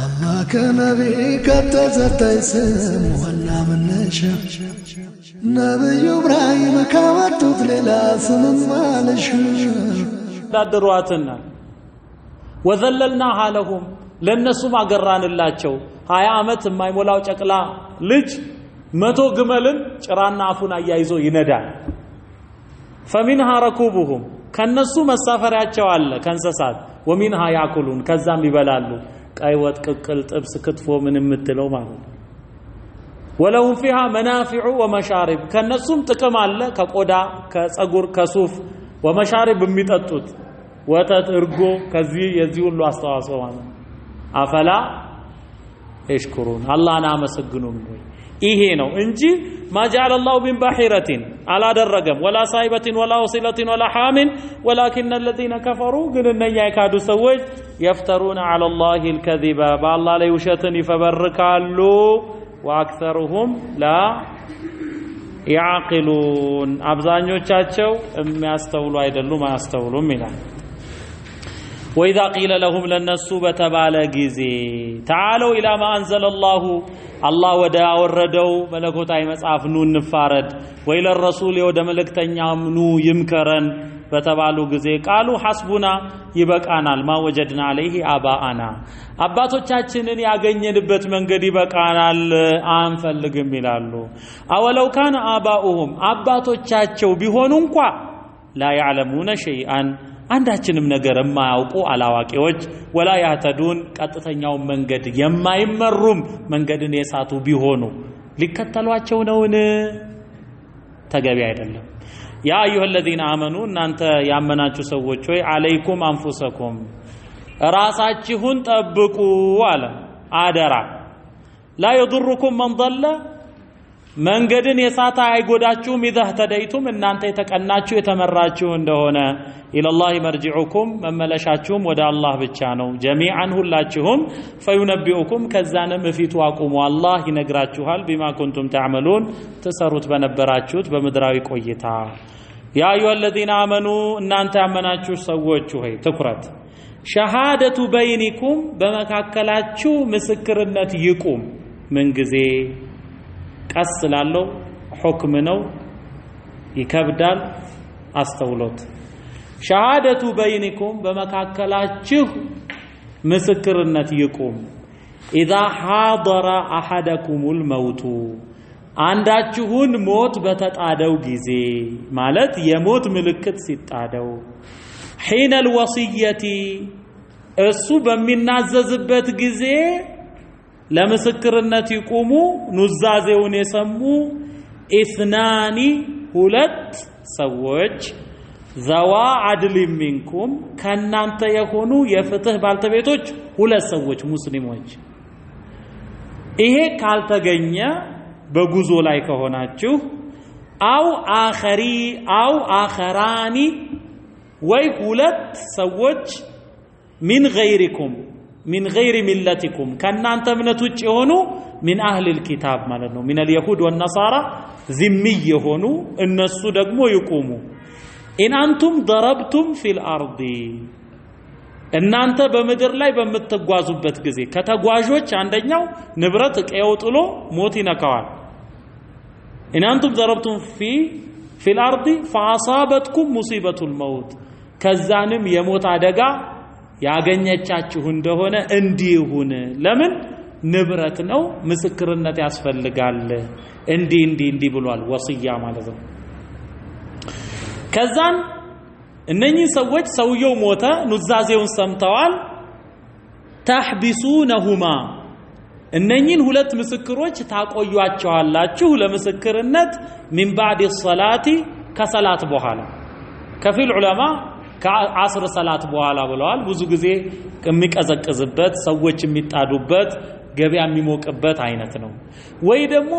አላህ ከነቢ ከተዘታይ ስም ዋና መነሻ ነብዩ እብራሂም ካመጡት ሌላ ስምም አልሽ ዳድሯትና ወዘለልናሃ ለሁም ለእነሱም አገራንላቸው ሀያ ዓመት የማይሞላው ጨቅላ ልጅ መቶ ግመልን ጭራና አፉን አያይዞ ይነዳል። ፈሚንሃ ረኩቡሁም ከነሱ መሳፈሪያቸው አለ ከእንስሳት ወሚንሃ ያኩሉን ከዛም ይበላሉ። ايوات كل طبس كتفو من امتلو معلوم ولهم فيها منافع ومشارب كان نسوم تكمال كقودا كسقر كسوف ومشارب ميتاتوت واتات ارجو كزي يزيو الله استواصوان افلا يشكرون الله انا مسجنون ይሄ ነው እንጂ ማጃአለ ላሁ ቢን ባሒረቲን አላደረገም፣ ወላ ሳይበቲን ወላ ወሲለቲን ወላ ሓሚን ወላኪን አለዚነ ከፈሩ ግን እነኛ የካዱ ሰዎች የፍተሩነ አላ ላህ ልከዚበ በአላህ ላይ ውሸትን ይፈበርካሉ። ወአክሰሩሁም ላ ያዕቂሉን አብዛኞቻቸው የሚያስተውሉ አይደሉም፣ አያስተውሉም ይላል። ወኢዛ ቂለ ለሁም ለነሱ በተባለ ጊዜ ተዓለው ኢላ ማ አንዘለ ላሁ አላህ ወደ አወረደው መለኮታዊ መጽሐፍ ኑ እንፋረድ፣ ወኢለ ረሱል ወደ መልእክተኛም ኑ ይምከረን በተባሉ ጊዜ ቃሉ ሐስቡና ይበቃናል፣ ማ አለይህ አባአና አባቶቻችንን ያገኘንበት መንገድ ይበቃናል አንፈልግም ይላሉ። አወለው ካነ አባኡሁም አባቶቻቸው ቢሆኑ እንኳ ላ ያዕለሙነ ሸይአን አንዳችንም ነገር የማያውቁ አላዋቂዎች ወላ ያህተዱን ቀጥተኛውን መንገድ የማይመሩም መንገድን የሳቱ ቢሆኑ ሊከተሏቸው ነውን? ተገቢ አይደለም። ያ አዩሀ ለዚነ አመኑ እናንተ ያመናችሁ ሰዎች ሆይ አለይኩም አንፉሰኩም ራሳችሁን ጠብቁ አለ አደራ ላ የዱሩኩም መን መንገድን የሳተ አይጎዳችሁም ኢዘህ ተደይቱም እናንተ የተቀናችሁ የተመራችሁ እንደሆነ ኢለላሂ መርጂዑኩም መመለሻችሁም ወደ አላህ ብቻ ነው። ጀሚዓን ሁላችሁም ፈዩነቢኡኩም ከዛንም እፊቱ አቁሙ አላህ ይነግራችኋል። ቢማ ኩንቱም ተዕመሉን ትሰሩት በነበራችሁት በምድራዊ ቆይታ። ያ አዩሃ አለዚነ አመኑ እናንተ ያመናችሁ ሰዎች ሆይ ትኩረት ሸሃደቱ በይኒኩም በመካከላችሁ ምስክርነት ይቁም ምንጊዜ ቀስ ስላለው ሑክም ነው፣ ይከብዳል። አስተውሎት ሸሃደቱ በይኒኩም በመካከላችሁ ምስክርነት ይቁም። ኢዛ ሓደረ አሐደኩሙል መውቱ አንዳችሁን ሞት በተጣደው ጊዜ ማለት የሞት ምልክት ሲጣደው፣ ሒነል ወስየቲ እሱ በሚናዘዝበት ጊዜ ለምስክርነት ይቁሙ ኑዛዜውን የሰሙ ኢስናኒ ሁለት ሰዎች ዘዋ አድል ሚንኩም ከእናንተ የሆኑ የፍትህ ባልተቤቶች ሁለት ሰዎች ሙስሊሞች። ይሄ ካልተገኘ በጉዞ ላይ ከሆናችሁ አው አኸሪ አው አኸራኒ ወይ ሁለት ሰዎች ሚን ገይሪኩም ሚን ገይሪ ሚለቲኩም ከእናንተ እምነት ውጭ የሆኑ ሚን አህሊል ኪታብ ማለት ነው። ሚነል የሁድ ወነሳራ ዚሚ የሆኑ እነሱ ደግሞ ይቁሙ። ኢን አንቱም ደረብቱም ፊል አርዲ እናንተ በምድር ላይ በምትጓዙበት ጊዜ ከተጓዦች አንደኛው ንብረት ቀየው ጥሎ ሞት ይነካዋል። ኢን አንቱም ደረብቱም ፊ ፊል አርዲ ፈአሳበትኩም ሙሲበቱል መውት ከዛንም የሞት አደጋ ያገኘቻችሁ እንደሆነ እንዲሁን። ለምን ንብረት ነው፣ ምስክርነት ያስፈልጋል። እንዲህ እንዲህ እንዲህ ብሏል፣ ወስያ ማለት ነው። ከዛን እነኚህ ሰዎች ሰውየው ሞተ፣ ኑዛዜውን ሰምተዋል። ተሕቢሱነሁማ እነኚህን ሁለት ምስክሮች ታቆዩአቸዋላችሁ ለምስክርነት ሚን ሰላቲ ከሰላት በኋላ ከፊል ዑለማ ከአስር ሰላት በኋላ ብለዋል። ብዙ ጊዜ የሚቀዘቅዝበት ሰዎች የሚጣዱበት ገበያ የሚሞቅበት አይነት ነው። ወይ ደግሞ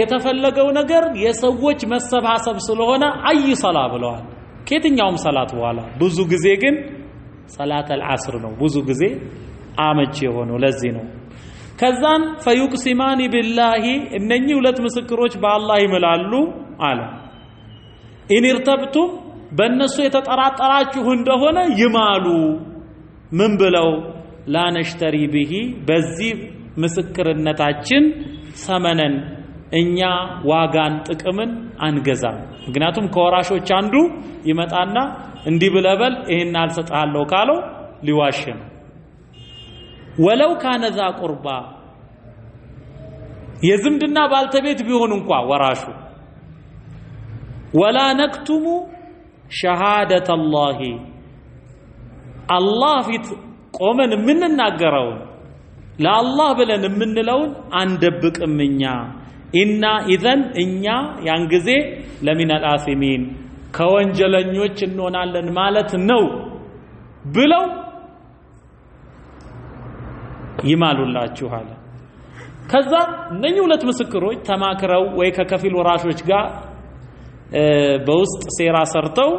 የተፈለገው ነገር የሰዎች መሰባሰብ ስለሆነ አይ ሰላ ብለዋል። ከየትኛውም ሰላት በኋላ ብዙ ጊዜ ግን ሰላት አልዓስር ነው። ብዙ ጊዜ አመች የሆነው ለዚህ ነው። ከዛን ፈዩቅሲማኒ ቢላሂ እነኚህ ሁለት ምስክሮች በአላህ ይምላሉ አለ ኢን ኢርተብቱም በእነሱ የተጠራጠራችሁ እንደሆነ ይማሉ። ምን ብለው ላነሽተሪ ብሂ በዚህ ምስክርነታችን ሰመነን እኛ ዋጋን ጥቅምን አንገዛም። ምክንያቱም ከወራሾች አንዱ ይመጣና እንዲህ ብለህ ይህን አልሰጥሃለሁ ካለው ሊዋሽ ነው። ወለው ካነ ዛ ቁርባ የዝምድና ባልተቤት ቢሆን እንኳ ወራሹ ወላ ነክቱሙ ሸሃደት አላሂ አላህ ፊት ቆመን የምንናገረውን ለአላህ ብለን የምንለውን አንደብቅም እኛ ኢና ኢዘን እኛ ያን ጊዜ ለሚነል አሲሚን ከወንጀለኞች እንሆናለን ማለት ነው ብለው ይማሉላችኋል። ከዛ እነኚህ ሁለት ምስክሮች ተማክረው ወይ ከከፊል ወራሾች ጋር በውስጥ ሴራ ሰርተው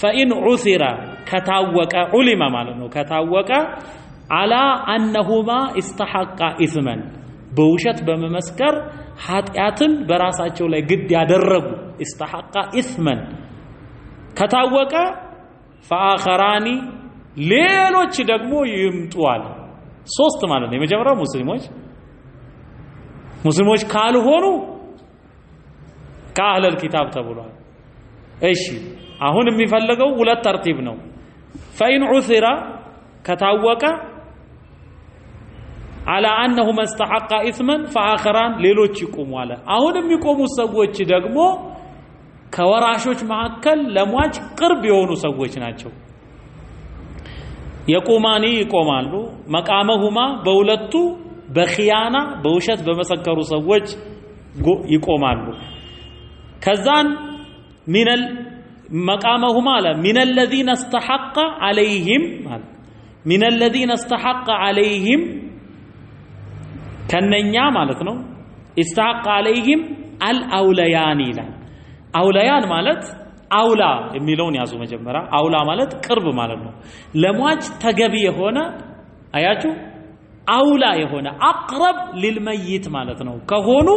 ፈኢን ዑሲራ ከታወቀ ዑሊማ ማለት ነው ከታወቀ አላ አነሁማ ኢስተሐቃ ኢስመን በውሸት በመመስከር ኃጢአትን በራሳቸው ላይ ግድ ያደረጉ ኢስተሐቃ ኢስመን ከታወቀ ፈአኸራኒ ሌሎች ደግሞ ይምጡዋል። ሶስት ማለት ነው። የመጀመሪያው ሙስሊሞች ሙስሊሞች ካልሆኑ ከአህለል ኪታብ ተብሏል። እሺ አሁን የሚፈልገው ሁለት ተርቲብ ነው። ፈኢን ዑሲራ ከታወቀ አላ አነሁም እስተሐቃ ኢስመን ፈአኸራን ሌሎች ይቆሙ አለ። አሁን የሚቆሙ ሰዎች ደግሞ ከወራሾች መካከል ለሟች ቅርብ የሆኑ ሰዎች ናቸው። የቁማኒ ይቆማሉ። መቃመሁማ በሁለቱ በኺያና በውሸት በመሰከሩ ሰዎች ይቆማሉ። ከዛን ሚነል መቃመሁማ አለ ሚነለዚነ እስተሐቀ አለይህም አለ ሚነለዚነ እስተሐቀ አለይህም ከነኛ ማለት ነው ኢስተሐቀ አለይህም አልአውለያን ይላል አውለያን ማለት አውላ የሚለውን ያዙ መጀመሪያ አውላ ማለት ቅርብ ማለት ነው ለሟች ተገቢ የሆነ አያችሁ አውላ የሆነ አቅረብ ሊልመይት ማለት ነው ከሆኑ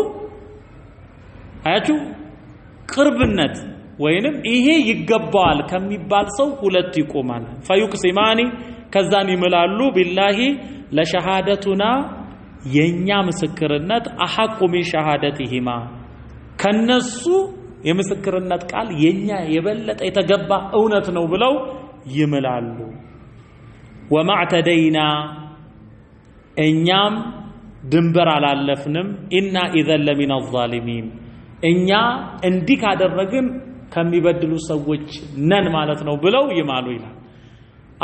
አያችሁ ቅርብነት ወይንም ይሄ ይገባዋል ከሚባል ሰው ሁለት ይቆማል። ፈዩቅሲማኒ ከዛም ይምላሉ ቢላሂ ለሸሃደቱና የኛ ምስክርነት አሐቁ ሚን ሸሃደቲሂማ ከነሱ የምስክርነት ቃል የኛ የበለጠ የተገባ እውነት ነው ብለው ይምላሉ። ወማዕተደይና እኛም ድንበር አላለፍንም። ኢና ኢዘን ለሚን አዛሊሚን እኛ እንዲህ ካደረግን ከሚበድሉ ሰዎች ነን ማለት ነው ብለው ይማሉ ይላል።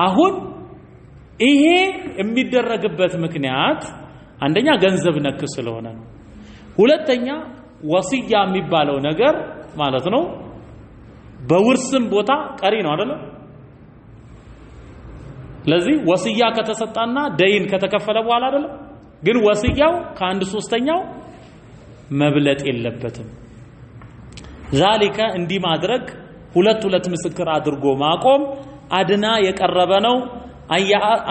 አሁን ይሄ የሚደረግበት ምክንያት አንደኛ ገንዘብ ነክ ስለሆነ ነው። ሁለተኛ ወስያ የሚባለው ነገር ማለት ነው በውርስም ቦታ ቀሪ ነው አይደለም። ስለዚህ ወስያ ከተሰጣና ደይን ከተከፈለ በኋላ አይደለም። ግን ወስያው ከአንድ ሶስተኛው መብለጥ የለበትም። ዛሊከ እንዲህ ማድረግ ሁለት ሁለት ምስክር አድርጎ ማቆም አድና የቀረበ ነው።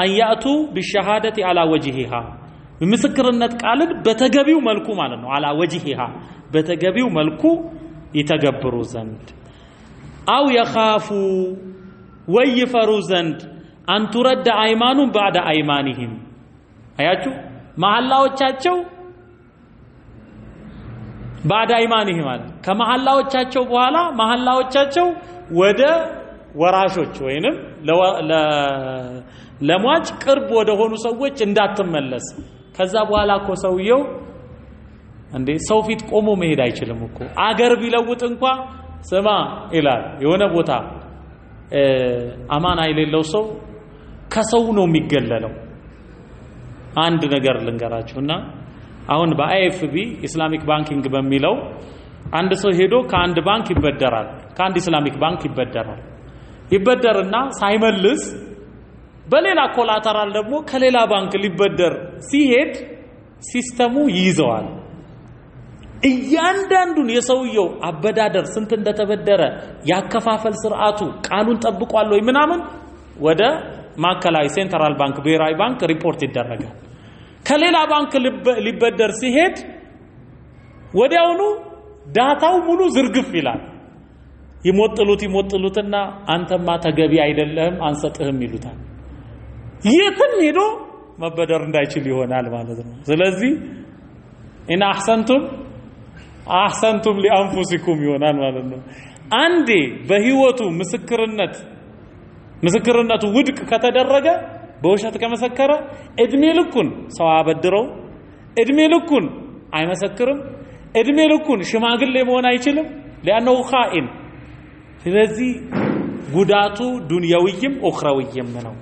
አያቱ ቢሸሃደት አላ ወጅሂሃ ምስክርነት ቃልን በተገቢው መልኩ ማለት ነው። አላ ወጅሂሃ በተገቢው መልኩ ይተገብሩ ዘንድ አው የኻፉ ወይ ይፈሩ ዘንድ አንቱረደ አይማኑን ባዕደ አይማኒህም አያችሁ መሐላዎቻቸው ባዕድ አይማኒህ ማለት ከመሐላዎቻቸው በኋላ መሐላዎቻቸው ወደ ወራሾች ወይንም ለሟች ቅርብ ወደ ሆኑ ሰዎች እንዳትመለስ። ከዛ በኋላ እኮ ሰውየው እንዴ ሰው ፊት ቆሞ መሄድ አይችልም እኮ አገር ቢለውጥ እንኳ ስማ ይላል። የሆነ ቦታ አማና የሌለው ሰው ከሰው ነው የሚገለለው። አንድ ነገር ልንገራችሁና አሁን በአይኤፍቢ ኢስላሚክ ባንኪንግ በሚለው አንድ ሰው ሄዶ ከአንድ ባንክ ይበደራል፣ ከአንድ ኢስላሚክ ባንክ ይበደራል። ይበደርና ሳይመልስ በሌላ ኮላተራል ደግሞ ከሌላ ባንክ ሊበደር ሲሄድ ሲስተሙ ይይዘዋል። እያንዳንዱን የሰውየው አበዳደር ስንት እንደተበደረ ያከፋፈል ስርዓቱ ቃሉን ጠብቋል ወይ ምናምን ወደ ማዕከላዊ ሴንትራል ባንክ ብሔራዊ ባንክ ሪፖርት ይደረጋል። ከሌላ ባንክ ሊበደር ሲሄድ ወዲያውኑ ዳታው ሙሉ ዝርግፍ ይላል። ይሞጥሉት ይሞጥሉትና አንተማ ተገቢ አይደለህም አንሰጥህም ይሉታል። የትም ሄዶ መበደር እንዳይችል ይሆናል ማለት ነው። ስለዚህ ኢን አህሰንቱም አህሰንቱም ሊአንፉሲኩም ይሆናል ማለት ነው። አንዴ በህይወቱ ምስክርነት ምስክርነቱ ውድቅ ከተደረገ በውሸት ከመሰከረ እድሜ ልኩን ሰው አበድረው፣ እድሜ ልኩን አይመሰክርም፣ እድሜ ልኩን ሽማግሌ መሆን አይችልም። ሊያነው ኻኢን። ስለዚህ ጉዳቱ ዱንያዊይም ኡኽረዊይም ነው።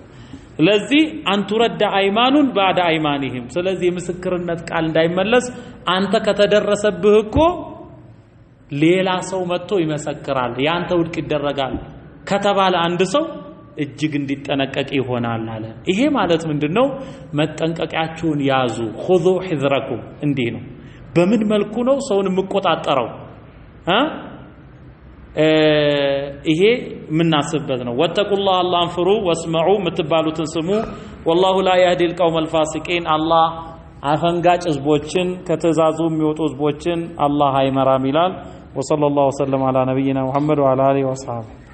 ስለዚህ አንቱረዳ አይማኑን ባዕደ አይማኒህም። ስለዚህ የምስክርነት ቃል እንዳይመለስ አንተ ከተደረሰብህ እኮ ሌላ ሰው መጥቶ ይመሰክራል፣ ያንተ ውድቅ ይደረጋል ከተባለ አንድ ሰው እጅግ እንዲጠነቀቅ ይሆናል አለ። ይሄ ማለት ምንድን ነው? መጠንቀቂያችሁን ያዙ። ሁዙ ሒዝረኩም እንዲህ ነው። በምን መልኩ ነው ሰውን የምቆጣጠረው? ይሄ የምናስብበት ነው። ወተቁላህ አላህን ፍሩ፣ ወስመዑ የምትባሉትን ስሙ። ወላሁ ላ ያህዲ ልቀውም አልፋሲቂን አላህ አፈንጋጭ ህዝቦችን ከትእዛዙ የሚወጡ ህዝቦችን አላህ አይመራም ይላል። ወሰለላሁ ወሰለም አላ ነቢይና ሙሐመድ ወአላ አሊሂ ወአስሐቢሂ